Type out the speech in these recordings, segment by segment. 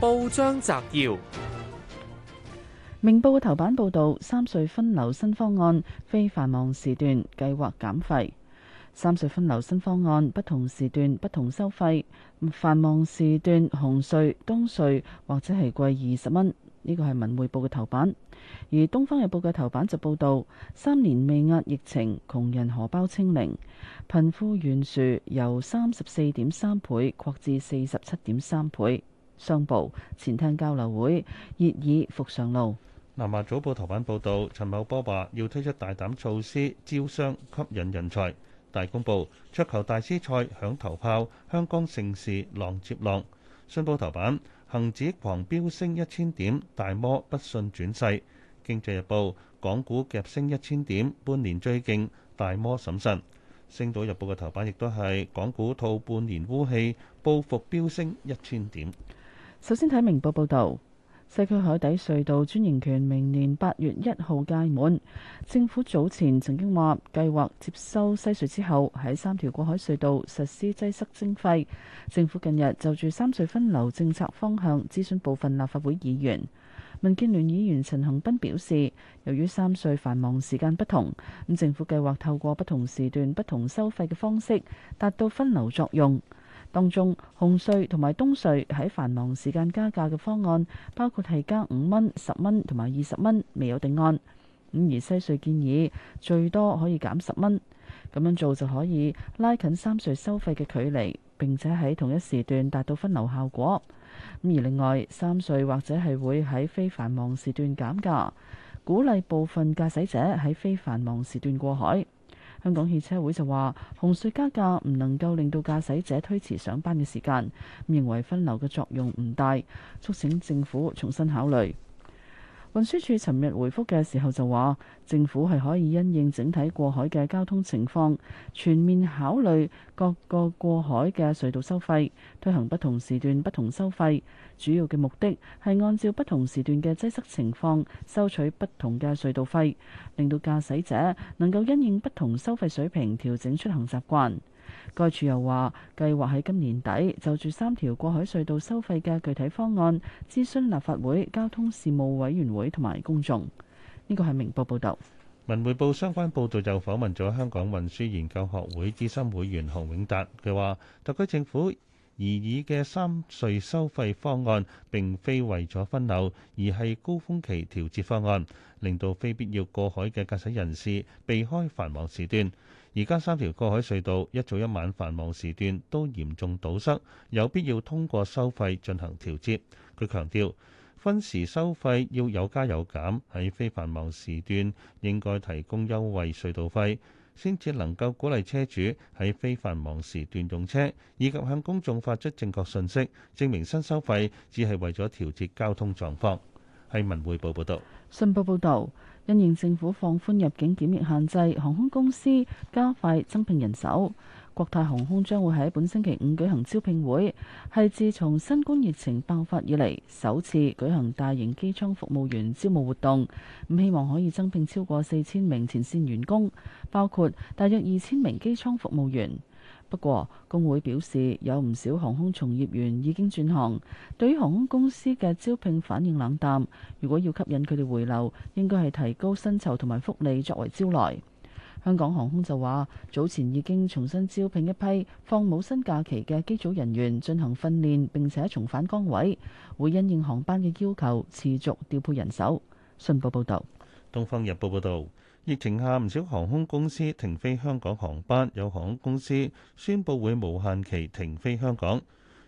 報章摘要：明報嘅頭版報道，三隧分流新方案，非繁忙時段計劃減費。三隧分流新方案，不同時段不同收費，繁忙時段紅隧、東隧或者係貴二十蚊。呢、這個係文匯報嘅頭版，而東方日報嘅頭版就報道，三年未壓疫情，窮人荷包清零，貧富懸殊由三十四點三倍擴至四十七點三倍。商報前廳交流會熱議復上路。南華早報頭版報道，陳茂波話要推出大膽措施招商吸引人才。大公報桌球大師賽響頭炮，香港盛事浪接浪。商報頭版恒指狂飆升一千點，大摩不信轉勢。經濟日報港股夾升一千點，半年追勁，大摩審慎。星島日報嘅頭版亦都係港股吐半年烏氣，報復飆升一千點。首先睇明報報導，西區海底隧道專營權明年八月一號屆滿。政府早前曾經話計劃接收西隧之後，喺三條過海隧道實施擠塞徵費。政府近日就住三隧分流政策方向諮詢部分立法會議員。民建聯議員陳恒斌表示，由於三隧繁忙時間不同，咁政府計劃透過不同時段不同收費嘅方式，達到分流作用。當中，紅隧同埋東隧喺繁忙時間加價嘅方案，包括係加五蚊、十蚊同埋二十蚊，未有定案。咁而西隧建議最多可以減十蚊，咁樣做就可以拉近三隧收費嘅距離，並且喺同一時段達到分流效果。咁而另外，三隧或者係會喺非繁忙時段減價，鼓勵部分駕駛者喺非繁忙時段過海。香港汽車會就話，紅隧加價唔能夠令到駕駛者推遲上班嘅時間，認為分流嘅作用唔大，促請政府重新考慮。運輸署尋日回復嘅時候就話，政府係可以因應整體過海嘅交通情況，全面考慮各個過海嘅隧道收費，推行不同時段不同收費，主要嘅目的係按照不同時段嘅擠塞情況收取不同嘅隧道費，令到駕駛者能夠因應不同收費水平調整出行習慣。該處又話，計劃喺今年底就住三條過海隧道收費嘅具體方案，諮詢立法會交通事務委員會同埋公眾。呢個係明報報道。文匯報相關報道就訪問咗香港運輸研究學會資深會員熊永達，佢話特區政府而已嘅三隧收費方案，並非為咗分流，而係高峰期調節方案，令到非必要過海嘅駕駛人士避開繁忙時段。而家三條過海隧道一早一晚繁忙時段都嚴重堵塞，有必要通過收費進行調節。佢強調，分時收費要有加有減，喺非繁忙時段應該提供優惠隧道費，先至能夠鼓勵車主喺非繁忙時段用車，以及向公眾發出正確訊息，證明新收費只係為咗調節交通狀況。係文匯報報導，新報報導。因應政府放寬入境檢疫限制，航空公司加快增聘人手。國泰航空將會喺本星期五舉行招聘會，係自從新冠疫情爆發以嚟首次舉行大型機艙服務員招募活動。咁希望可以增聘超過四千名前線員工，包括大約二千名機艙服務員。不過，工會表示有唔少航空從業員已經轉行，對於航空公司嘅招聘反應冷淡。如果要吸引佢哋回流，應該係提高薪酬同埋福利作為招來。香港航空就話，早前已經重新招聘一批放冇薪假期嘅機組人員進行訓練，並且重返崗位，會因應航班嘅要求持續調配人手。信報報導，《東方日報》報導。疫情下唔少航空公司停飛香港航班，有航空公司宣布會無限期停飛香港。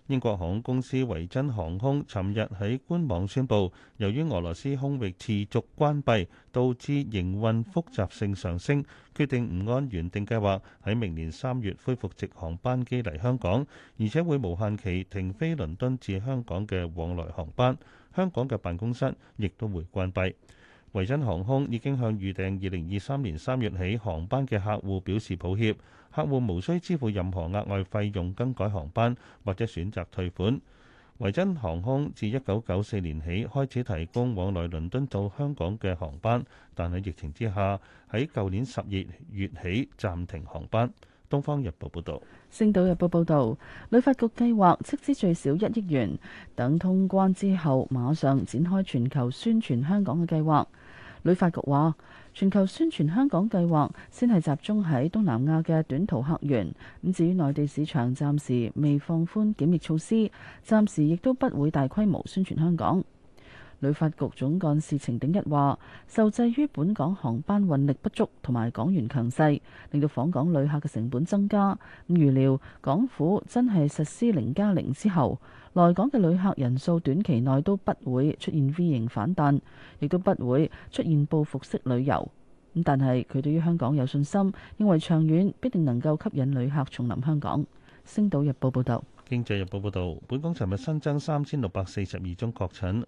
英國航空公司維珍航空尋日喺官網宣布，由於俄羅斯空域持續關閉，導致營運複雜性上升，決定唔按原定計劃喺明年三月恢復直航班機嚟香港，而且會無限期停飛倫敦至香港嘅往來航班。香港嘅辦公室亦都會關閉。維珍航空已經向預訂二零二三年三月起航班嘅客戶表示抱歉，客戶無需支付任何額外費用更改航班或者選擇退款。維珍航空自一九九四年起開始提供往來倫敦到香港嘅航班，但喺疫情之下喺舊年十二月起暫停航班。《東方日報》報道。《星島日報》報道，旅發局計劃斥資最少一億元，等通關之後馬上展開全球宣傳香港嘅計劃。旅發局話：全球宣傳香港計劃先係集中喺東南亞嘅短途客源，咁至於內地市場暫時未放寬檢疫措施，暫時亦都不會大規模宣傳香港。旅發局總幹事程鼎一話：受制於本港航班運力不足同埋港元強勢，令到訪港旅客嘅成本增加。咁預料港府真係實施零加零之後，來港嘅旅客人數短期內都不會出現 V 型反彈，亦都不會出現報復式旅遊。咁但係佢對於香港有信心，認為長遠必定能夠吸引旅客重臨香港。星島日報報道。經濟日報報道，本港尋日新增三千六百四十二宗確診，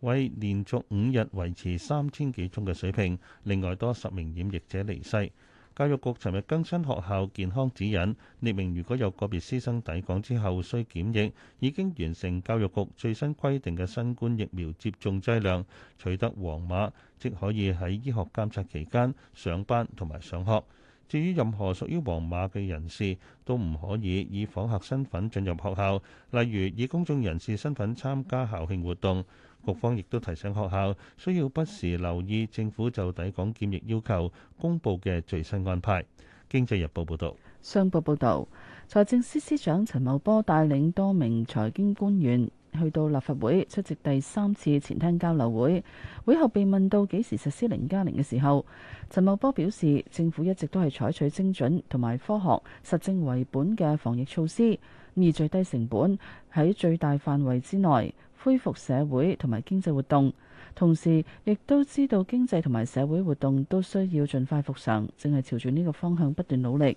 為連續五日維持三千幾宗嘅水平，另外多十名染疫者離世。教育局尋日更新學校健康指引，列明如果有個別師生抵港之後需檢疫，已經完成教育局最新規定嘅新冠疫苗接種劑量，取得黃碼，即可以喺醫學監察期間上班同埋上學。至於任何屬於黃碼嘅人士，都唔可以以訪客身份進入學校，例如以公眾人士身份參加校慶活動。局方亦都提醒學校需要不時留意政府就抵港檢疫要求公布嘅最新安排。經濟日報報道，商報報道，財政司司長陳茂波帶領多名財經官員去到立法會出席第三次前廳交流會。會後被問到幾時實施零加零嘅時候，陳茂波表示，政府一直都係採取精準同埋科學實證為本嘅防疫措施，而最低成本喺最大範圍之內。恢復社會同埋經濟活動，同時亦都知道經濟同埋社會活動都需要盡快復常，正係朝住呢個方向不斷努力。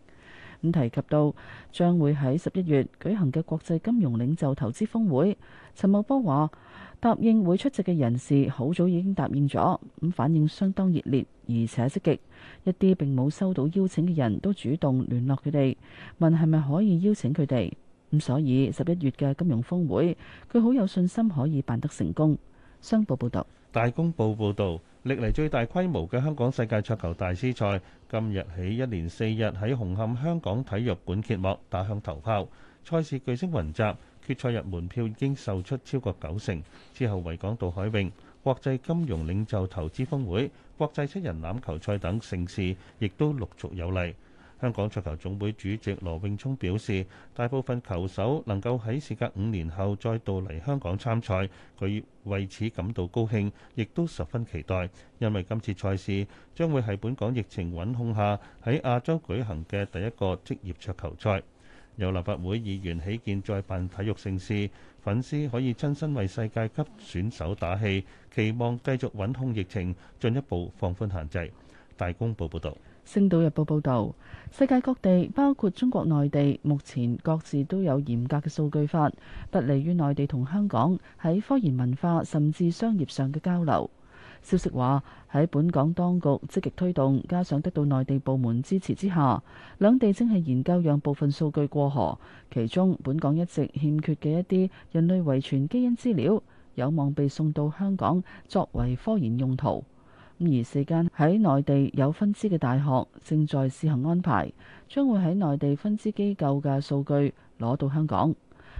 咁提及到將會喺十一月舉行嘅國際金融領袖投資峰會，陳茂波話：答應會出席嘅人士好早已經答應咗，咁反應相當熱烈而且積極，一啲並冇收到邀請嘅人都主動聯絡佢哋，問係咪可以邀請佢哋。咁所以十一月嘅金融峰會，佢好有信心可以辦得成功。商報報道。大公報報道，歷嚟最大規模嘅香港世界桌球大師賽今日起一連四日喺紅磡香港體育館揭幕，打響頭炮。賽事巨星雲集，決賽日門票已經售出超過九成。之後維港渡海泳，國際金融領袖投資峰會，國際七人欖球賽等盛事亦都陸續有嚟。香港桌球總會主席羅永聰表示，大部分球手能夠喺事隔五年後再度嚟香港參賽，佢為此感到高興，亦都十分期待，因為今次賽事將會係本港疫情穩控下喺亞洲舉行嘅第一個職業桌球賽。有立法會議員起見再辦體育盛事，粉絲可以親身為世界級選手打氣，期望繼續穩控疫情，進一步放寬限制。大公報報道。星島日報報導，世界各地包括中國內地，目前各自都有嚴格嘅數據法，不利於內地同香港喺科研文化甚至商業上嘅交流。消息話喺本港當局積極推動，加上得到內地部門支持之下，兩地正係研究讓部分數據過河，其中本港一直欠缺嘅一啲人類遺傳基因資料，有望被送到香港作為科研用途。咁而四間喺內地有分支嘅大學正在試行安排，將會喺內地分支機構嘅數據攞到香港。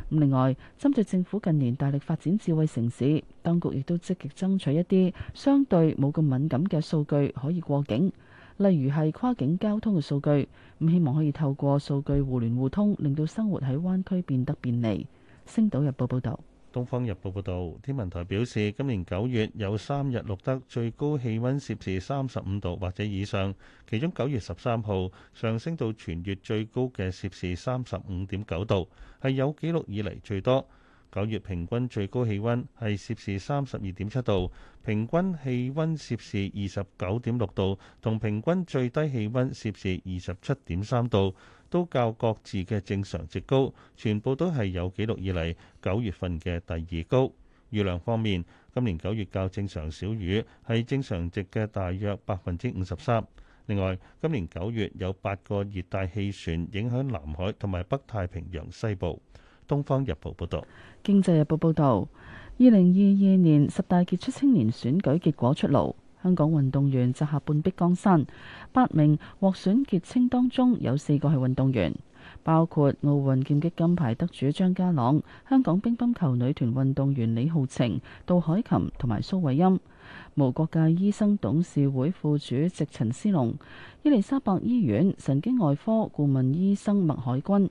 另外，針對政府近年大力發展智慧城市，當局亦都積極爭取一啲相對冇咁敏感嘅數據可以過境，例如係跨境交通嘅數據。咁希望可以透過數據互聯互通，令到生活喺灣區變得便利。星島日報報道。《東方日報》報導，天文台表示，今年九月有三日錄得最高氣溫攝氏三十五度或者以上，其中九月十三號上升到全月最高嘅攝氏三十五點九度，係有記錄以嚟最多。九月平均最高氣温係攝氏三十二點七度，平均氣温攝氏二十九點六度，同平均最低氣温攝氏二十七點三度，都較各自嘅正常值高，全部都係有記錄以嚟九月份嘅第二高。雨量方面，今年九月較正常少雨，係正常值嘅大約百分之五十三。另外，今年九月有八個熱帶氣旋影響南海同埋北太平洋西部。《東方日報》報道，《經濟日報》報導，二零二二年十大傑出青年選舉結果出爐，香港運動員摘下半壁江山。八名獲選傑青當中有四個係運動員，包括奧運劍擊金牌得主張家朗、香港乒乓球女團運動員李皓晴、杜凱琹同埋蘇慧音、無國界醫生董事會副主席陳思龍、伊利沙伯醫院神經外科顧問醫生麥海軍。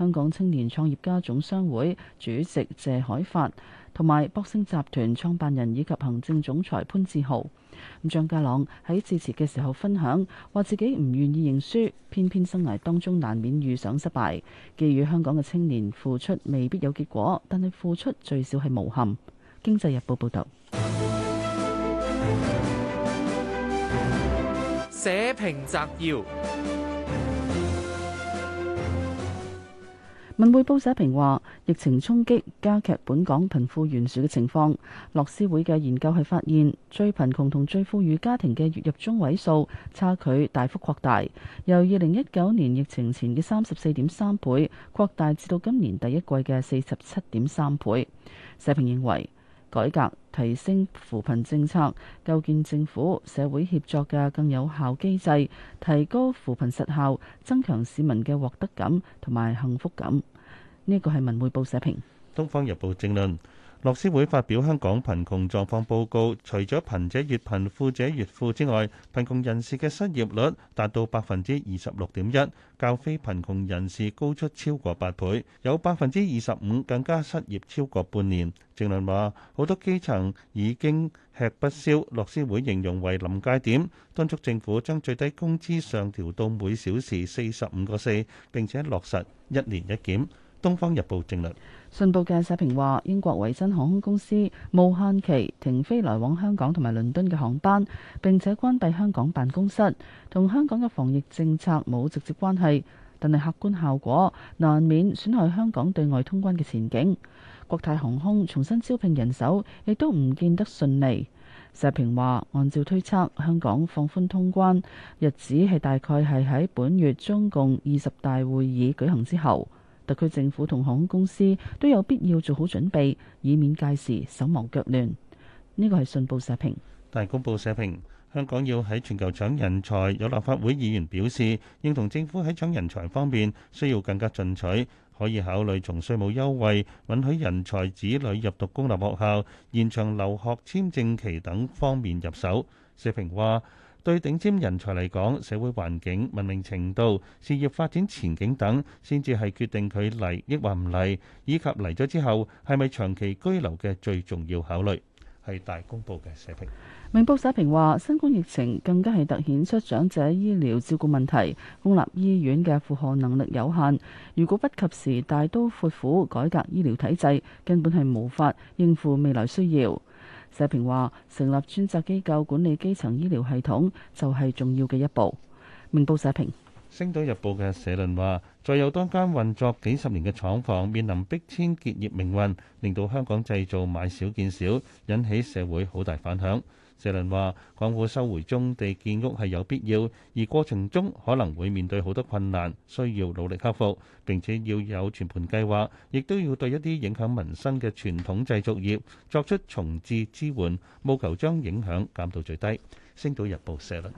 香港青年創業家總商會主席謝海發，同埋博星集團創辦人以及行政總裁潘志豪。咁張家朗喺致辭嘅時候分享，話自己唔願意認輸，偏偏生涯當中難免遇上失敗。寄語香港嘅青年，付出未必有結果，但係付出最少係無憾。經濟日報報導。社評摘要。文匯報社評話：疫情衝擊加劇本港貧富懸殊嘅情況。樂施會嘅研究係發現，最貧窮同最富裕家庭嘅月入中位數差距大幅擴大，由二零一九年疫情前嘅三十四點三倍擴大至到今年第一季嘅四十七點三倍。社評認為。改革、提升扶貧政策，構建政府社會協作嘅更有效機制，提高扶貧實效，增強市民嘅獲得感同埋幸福感。呢個係文匯報社評，《東方日報》政論。樂施會發表香港貧窮狀況報告，除咗貧者越貧、富者越富之外，貧窮人士嘅失業率達到百分之二十六點一，較非貧窮人士高出超過八倍，有百分之二十五更加失業超過半年。鄭亮話：好多基層已經吃不消，樂施會形容為臨界點，敦促政府將最低工資上調到每小時四十五個四，並且落實一年一檢。《東方日報》正論。信報嘅社評話：英國維珍航空公司無限期停飛來往香港同埋倫敦嘅航班，並且關閉香港辦公室，同香港嘅防疫政策冇直接關係，但係客觀效果難免損害香港對外通關嘅前景。國泰航空重新招聘人手，亦都唔見得順利。社評話：按照推測，香港放寬通關日子係大概係喺本月中共二十大會議舉行之後。特區政府同航空公司都有必要做好準備，以免屆時手忙腳亂。呢個係信報社評。大公報社評。香港要喺全球搶人才，有立法會議員表示認同政府喺搶人才方面需要更加進取，可以考慮從稅務優惠、允許人才子女入讀公立學校、延長留學簽證期等方面入手。社評話。對頂尖人才嚟講，社會環境、文明程度、事業發展前景等，先至係決定佢嚟抑或唔嚟，以及嚟咗之後係咪長期居留嘅最重要考慮。係大公報嘅社評。明報社評話：新冠疫情更加係突顯出長者醫療照顧問題，公立醫院嘅負荷能力有限。如果不及時大刀闊斧改革醫療體制，根本係無法應付未來需要。社評話，成立專責機構管理基層醫療系統就係重要嘅一步。明報社評。《星島日報》嘅社論話，再有多間運作幾十年嘅廠房面臨逼遷結業命運，令到香港製造買少見少，引起社會好大反響。社論話，港府收回棕地建屋係有必要，而過程中可能會面對好多困難，需要努力克服，並且要有全盤計劃，亦都要對一啲影響民生嘅傳統製造業作出重置支援，務求將影響減到最低。星島日報社論。